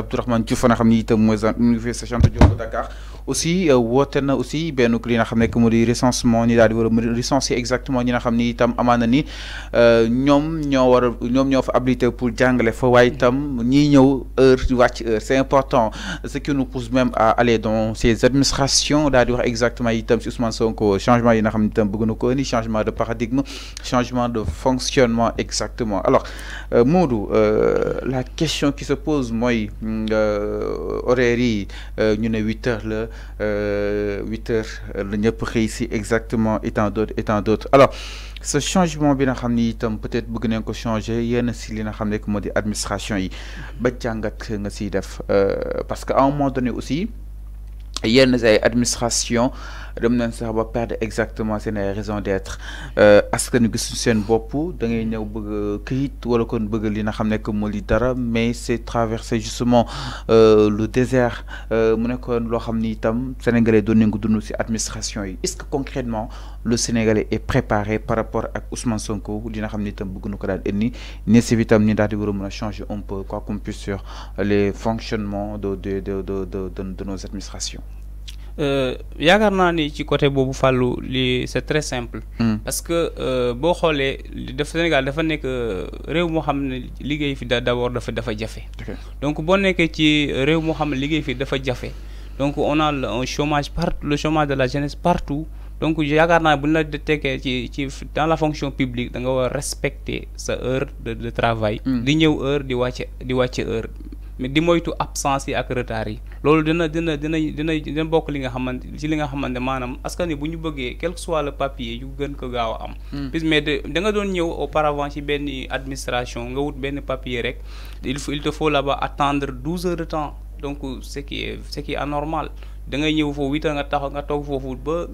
Abdourahmane Diouf a nga xam ni itam mooy université Cheikh Anta Dakar aussi euh, wotena aussi benu li nga xam ne recensement ni dal di wara a recenser exactement ñi nga xam ni itam ni euh, ñoom ñoo war a ñoom ñoo fa habilité pour jàngale fa way tam ñi ñew heure di wacc heure c'est important ce qui nous pousse même à aller dans ces administrations dal di wax exactement itam ci Ousmane Sonko changement yi nga xam ne bëgg ko ni changement de paradigme changement de fonctionnement exactement alors euh, Modou la question qui se pose mooy horaire yi ñu ne huit heures la 8 euh, heures euh, le ñep xey ci exactement et tant d'autres et d'autres alors ce changement bi nga peut-être bëgg nañ ko changer il y li nga xamné administration yi ba nga euh, parce qu'à un moment donné aussi a ay administration dem nañ sax perdre exactement seen raisons raison d'être askan wi gisuñ seen bopp da ngay ñëw bëgg këyit wala kon bëgg li nga xam ne li dara mais c'est traverser justement euh, le désert euh, mu nekkoon loo xam ni itam sénégalais doon nañ ko administration yi est-ce que concrètement le sénégalais est préparé par rapport à Ousmane Sonko ou nga xam ni itam bëgg na ko daal indi ne si itam ñu daal di changer un peu quoi qu'on puisse sur les fonctionnements de de de de de de nos administrations. Euh, yaakaar naa ni ci côté boobu fallu li c'est très simple. Hmm. parce que euh, boo xoolee dafa Sénégal dafa nekk euh, réew moo xam ne liggéey fi d'abord dafa dafa jafe. donc boo nekkee ci réew moo xam ne liggéey fi dafa jafe donc on a un chômage partout le chômage de la jeunesse partout. donc yaakaar naa bu ñu la tekkee ci ci dans la fonction publique da nga war respecter sa heure de de travail. Hmm. di ñëw heure di wàcce di wàcce heure mais di moytu absence yi ak retard yi. loolu dana dina dina dina dina bokk li nga xamante ci li nga xamante maanaam askan wi bu ñu bëggee quel que soit le papier yu gën ko gaaw am puis hmm. mais de da nga doon ñëw auparavant ci benn administration nga wut benn papier rek il faut il te faut là-bas attendre douze heures de temps donc ce qui est ce qui anormal da ngay ñëw foofu huit nga tax nga toog foofu ba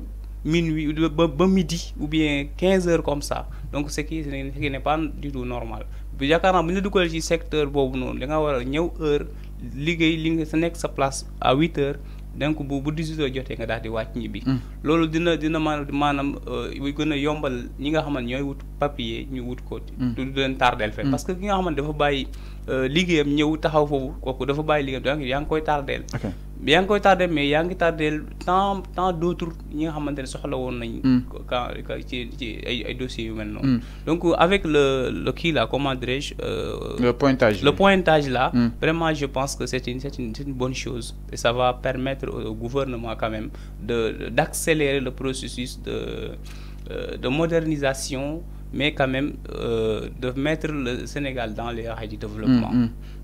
minuit ba ba midi ou bien quinze heures comme ça donc ce qui ce qui n'est pas du tout normal bu yaakaaraa bu ñu la dugalee ci secteur boobu noonu da nga war er, a ñëw heure liggéey li nga sa nekk sa place à 8 heures ah, donc bu bu 18 heures jotee nga daal di wàcc ñibbi. Hmm. loolu dina dina maanaam eh, gën a yombal ñi nga xamante ñooy wut papier eh, ñu wut ko. Hmm. du leen tardel fee. Hmm. parce que ki nga xamante dafa bàyyi eh, liggéeyam ñëw taxaw foofu kooku dafa bàyyi liggéeyam donc koy tardel. Bien ngi koy tardé mais yaa ngi tardé tant tant d' autres ñi nga xamante ne soxla woon nañ quand hmm. ci ci ay ay dossiers yu mel noonu. Hmm. donc avec le le kii là comment dirais je. Euh, le pointage le pointage là. Hmm. vraiment je pense que c' est une c' est une c' est une bonne chose et ça va permettre au gouvernement quand même de d' accélérer le processus de euh, de modernisation mais quand même euh, de mettre le Sénégal dans les rails du développement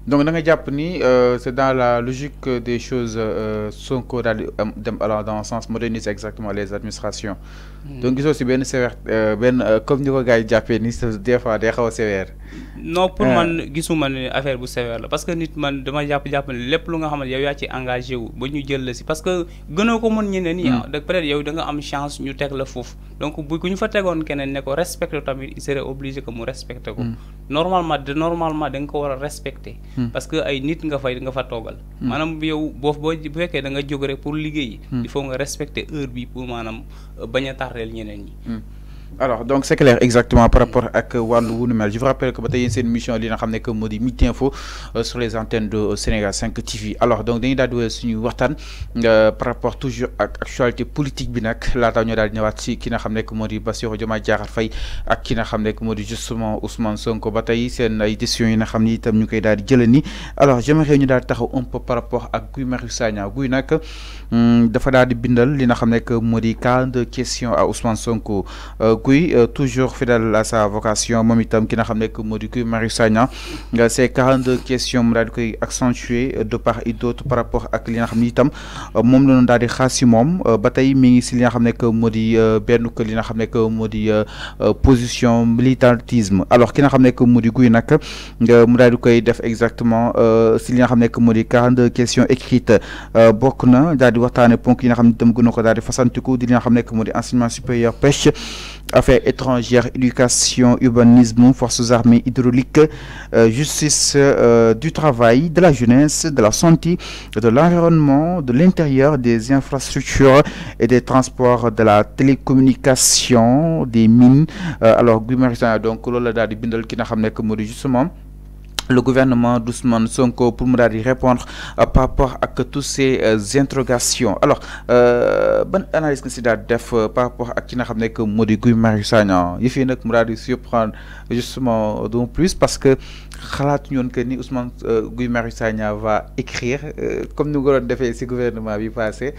donc da nga jàpp ni dans la logique des choses euh, Sonko daal euh, alors dans le sens moderniser exactement les administrations. Hmm. donc sont si bien sévère euh, benn comme ni ko gars yi jàppee ni des fois day xaw sévère. non pour hein. man gisuma ne affaire bu sévère parce que nit man dama jàpp jàpp ne lépp lu nga xam ne yow yaa ci engagé wu ba ñu jël la si parce que gënoo ko ñeneen ñi. Hmm. Ah, peut être yow da nga am chance ñu teg la fouf. donc bu ku ñu fa tegoon keneen ne ko tamit il serait obligé que mu respecté ko. Hmm. normalement de normalement da nga ko war Hmm. parce que ay nit nga fay nga fa toogal. Hmm. maanaam yow boo boo bu fekkee da nga jóg rek pour liggéey. Hmm. il faut nga respecter heure bi pour maanaam euh, bañ a tardeel ñeneen yi alors donc c'est clair exactement par rapport ak wàllu wu nu je vous rappelle que bataille tey une mission li nga xam que modi midi info euh, sur les antennes de euh, Sénégal 5 TV alors donc dañuy daal di suñu euh, par rapport toujours à actualité politique bi nag laataa ñoo qui di ñëwaat si ki nga xam que moo di Bassirou Diomaye ak ki que modi justement Ousmane Sonko bataille tey une ay décisions yi nga xam ni itam ñu alors j'aimerais ñu daal taxaw un peu par rapport à Guy Marius Sagna Nak, nag hmm, dafa daal bindal li n'a xam que modi 42 questions à Ousmane Sonko kuy euh, toujours fidèle à sa vocation mon itam ki n'a xam que moo kuy Marie Sagna euh, ces 42 questions mu accentué euh, de part et d'autre par rapport à li nga xam ni itam mom la non daal di xaas si mi ngi si li nga xam nekk benn que li nga position militantisme alors ki n'a xam que modi kuy nak nag mu def exactement si li nga xam que modi 42 questions écrites bokk na daal di waxtaane ponk yi nga xam ne itam gën ko di fasantiku di li nga xam que modi enseignement supérieur pêche affaires étrangères, éducation, urbanisme, forces armées, hydrauliques, euh, justice, euh, du travail, de la jeunesse, de la santé, de l'environnement, de l'intérieur, des infrastructures et des transports, de la télécommunication, des mines. Euh, alors, donc, la justement le gouvernement d'Ousmane Sonko pour me répondre euh, par rapport à toutes ces euh, interrogations. Alors, euh, analyse que euh, par rapport à qui n'a ramené que Guy Marissagna. Il fait que surprendre justement donc plus parce que Khalat Nyon Ousmane va écrire comme nous l'avons fait ce gouvernement qui passé.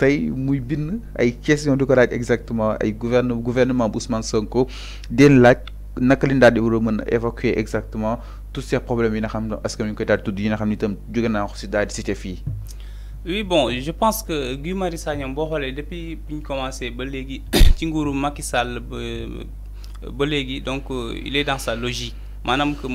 il de exactement. Il gouvernement gouvernement Sonko, dès là, que exactement tous ces problèmes est-ce que nous avons tout dit koy tout dit oui bon je pense que Guy depuis commencé donc euh, il est dans sa logique que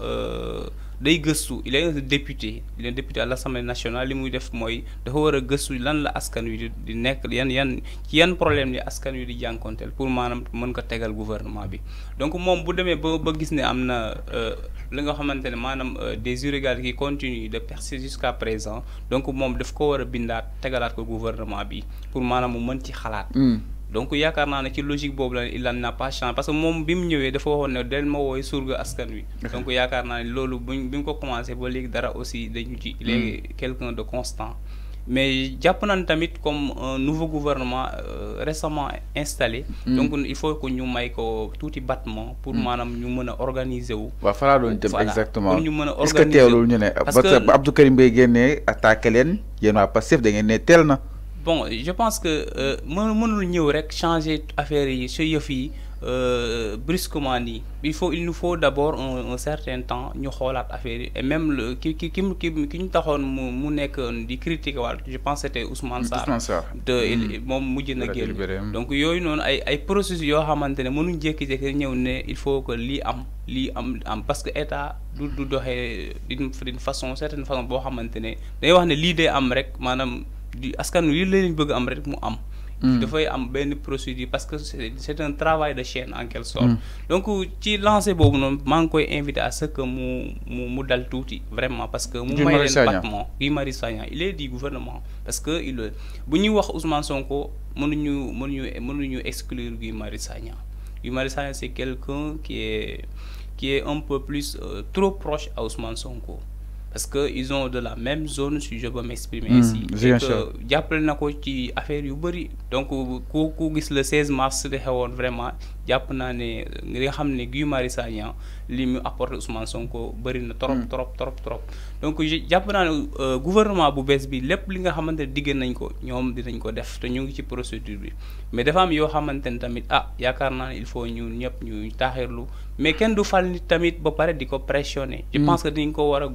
euh, day gëstu il est un député il est député à l'Assemblée nationale li muy def moy dafa wara a gëstu lan la askan wi di nekk yan yan ci yan problème ni askan wi di jankontel pour manam mën ko tégal gouvernement bi donc mom bu démé ba ba gis ne am na euh, li nga xamante manam maanaam euh, des irrégularités qui continuent de percer jusqu'à présent donc mom daf ko wara bindat tégalat ko gouvernement bi pour manam mu mën ci xalaat hmm donc yaakaar naa ne ci logique boobu la il n'a pas changé parce que moom bi mu ñëwee dafa waxoon ne del ma wooy surga askan wi. donc yaakaar naa ne loolu buñ bi ñu ko commencé ba léegi dara aussi dañu ci. Hmm. léegi quelqu'un de constant. mais jàpp nañ tamit comme un nouveau gouvernement euh, récemment installé. Hmm. donc il faut que ñu may ko tuuti battement. pour hmm. maanaam ñu mën a organiser wu. waaw fa laa doon exactement pour ñu mën a est-ce que teelul ñu ne. parce que Abdou Karim Beye génnee attaqué leen yéen waa Pastef da ngeen ne teel na bon je pense que euh, mon mon ñëw rek changer affaire yi sa yëf yi euh, brusquement ni il faut il nous faut d'abord un certain temps ñu xolat affaire et même le ki ki qui ki ñu taxoon mu mu nekk di critiquer waat je pense c'était Ousmane Sarr Ousmane Sarr de mm. moom mujj gel donc yoy non ay ay processus yo xamantene ne mënuñ jékki-jékki ñëw ne il faut que li am li am am parce que état du du d'une façon certaine façon bo xamantene day wax né li dee am rek manam du askan wi li lañ bëgg am rek mu am. Hmm. dafay am benn procédure parce que c'est un travail de chaîne en quelque sorte. Hmm. donc ci lancé boobu noonu maa ngi koy invité à ce que mu mu mu dal tuuti vraiment parce que. mu may leen battement Guy Marie Sagna il est du gouvernement. parce que il bu ñuy wax Ousmane Sonko mënuñu mënuñu exclure Guy Marie Sagna Guy Marie Sagna c'est quelqu'un qui est qui est un peu plus euh, trop proche à Ousmane Sonko parce que ils ont de la même zone si je peux m'exprimer hmm, ici. jàppale na ko ci affaire yu bëri donc ku ku gis le 16 mars li xewoon vraiment jàpp naa ne li nga xam Guy Marius li mu apporté Ousmane Sonko bëri na trop hmm. trop trop trop donc jàpp naa ne euh, gouvernement bu bees bi lépp li nga xamante ne digg nañ ko ñoom dinañ ko def te ñu ngi ci procédure bi mais dafa am yoo xamante ne tamit ah yakarna il faut ñun ñep ñu taxirlu mais ken du fal nit tamit ba paré diko pressioner je hmm. pense que dañ ko war a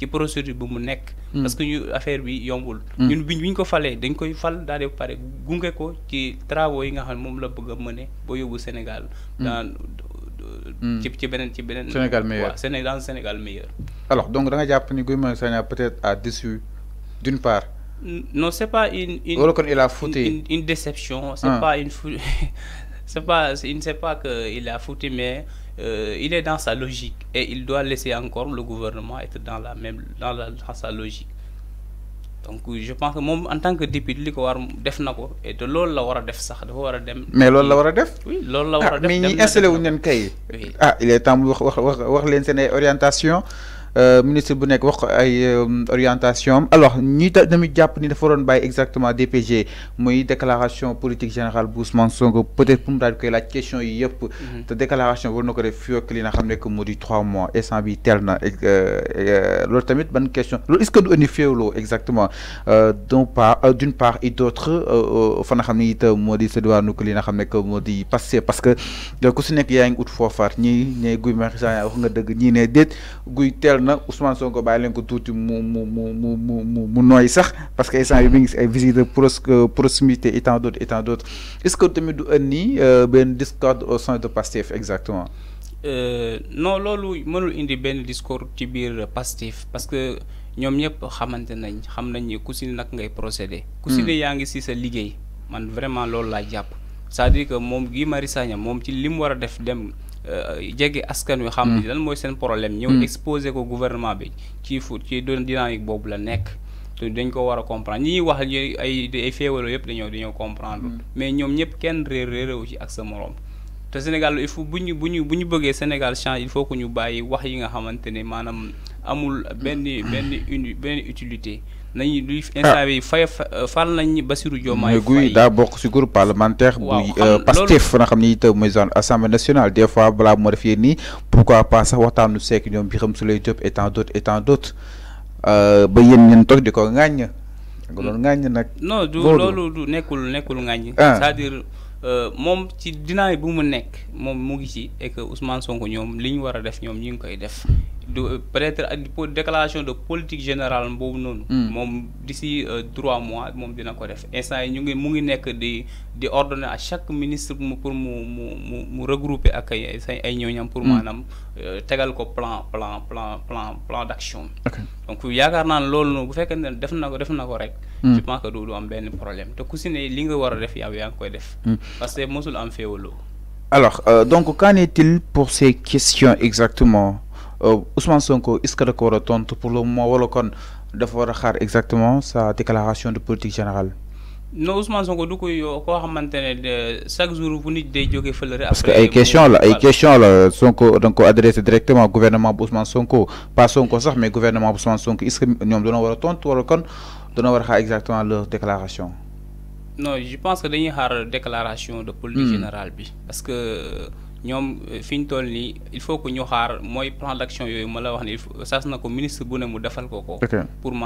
ci procédure bu mu nekk. Hmm. parce que ñu affaire bi yombul. Hmm. ñun biñ biñ ko falee dañ koy fal daal di pare gunge ko ci travaux yi nga xam ne moom la bëgg a mëne ba yóbbu Sénégal. Hmm. dans ci ci beneen ci beneen. Sénégal meilleur Sénégal dans Sénégal meilleur. alors donc da nga jàpp ni Guy Marius peut-être à déçu d'une part. non c'est pas une une. il a une déception c'est ah. pas une. C'est pas, il ne sait pas qu'il a foutu, mais euh, il est dans sa logique et il doit laisser encore le gouvernement être dans la même, dans, la, sa logique. donc je pense que moi, en tant que député li ko war def nako et Mais loolu la wara def sax da war dem. mais loolu la wara def. oui loolu la wara ah, def mais ni installé wuñu kay. ah il est temps wax wax wax leen orientation euh, ministre bu nek wax ko ay euh, orientation alors ñi tamit japp ni dafa waroon bay exactement DPG muy déclaration politique générale bu Ousmane Sonko peut-être pour mu daal koy laaj question yi yëpp. Mhm. te déclaration wonn ko def fii ak li nga xam que mu trois mois instant bi telna na euh, loolu tamit ban question lolu est-ce que du ni féewloo exactement Donc, pas d'une part et d'autre fa nga xamni ne modi moo di sa diwaanu li nga xam que passé parce que ko su nek yaa ngi fofar foofaat ñii ne guy Marius wax nga deug ni ne det guy jaral Ousmane Sonko bàyyi leen ko tuuti mu mu mu mu mu mu mu sax parce que instant bi mi ngi ay visite de euh, proximité et tant d' autres et tant d' est ce que tamit du indi euh, ben discord au sein de Pastef exactement. Euh, non loolu mënul indi ben discord ci bir Pastef parce que ñom ñep xamante nañ xam nañ ku si nak ngay procéder ku si hmm. ne yaangi ci sa liguey man vraiment loolu la japp c'est-à-dire que mom Guy Marius Sagna mom ci lim wara def dem. Euh, jege askan wi xam ni mm. lan mooy seen problème ñëw mm. exposé ko gouvernement bi ci fu ci dynamique boobu la nekk te dañ ko war a comprendre ñi wax ay ay féewaloo yëpp dañoo dañoo comprendre mm. mais ñoom ñëpp kenn réer réerewu ci ak sa moroom te Sénégal il faut bu ñu bu ñu bu ñu bëggee Sénégal change il faut que ñu bàyyi wax yi nga xamante ne maanaam amul benn benn benn utilité nañu luy instant bi fay euh, fal nañ Bassirou Diomaye Guy daa bokk si groupe parlementaire bu euh, Pastef na xam ni itam euh, mooy zone assemblée nationale des fois balaa moo def yéen nii pourquoi pas sax waxtaanu seek ñoom Birame Souleye Diop et tant d'autres et tant d'autres ba yéen ñeen toog di ko ŋàññ nga doon ŋàññ nag non du du nekkul nekkul ŋàññ ah. c'est-à-dire moom ci dinaa bu mu nekk moom mu ngi ci et que Ousmane ñoom li ñu war a def ñoom ñu ngi koy def de peut-être pour déclaration de politique générale bon non, hmm. moom d'ici euh, trois mois moom dina ko def instant yi ñu ngi mu ngi nekk di di ordonner à chaque ministre pour mu mu mu regrouper ak ay Et ay ñooñam. pour hmm. maanaam euh, tegal ko plan plan plan plan plan d'action. donc yaakaar naa ne loolu noonu bu fekkee ne def na ko def na rek. Hmm. je pense que du du am benn problème te ku si ne li nga war a def yow yaa ngi koy def. parce que mosul am féewaloo. alors euh, donc qu'en est-il pour ces questions exactement. Euh, Ousmane Sonko est-ce que vous avez pour le moment wala voir exactement sa déclaration de politique générale. non Ousmane Sonko du koy euh, koo xamante de chaque jour bu nit day parce que ay question la ay question la Sonko donc adressé directement gouvernement Ousmane Sonko pas Sonko sax mais gouvernement Ousmane Sonko est-ce que nous donnons le ton, tontu exactement leur déclaration. non je pense que dañuy une déclaration de politique hmm. générale parce que ñoom euh, fi ñu toll nii il faut que ñu xaar mooy plan d' action yooyu ma la wax ni sas na ko ministre bu ne mu defal ko ko.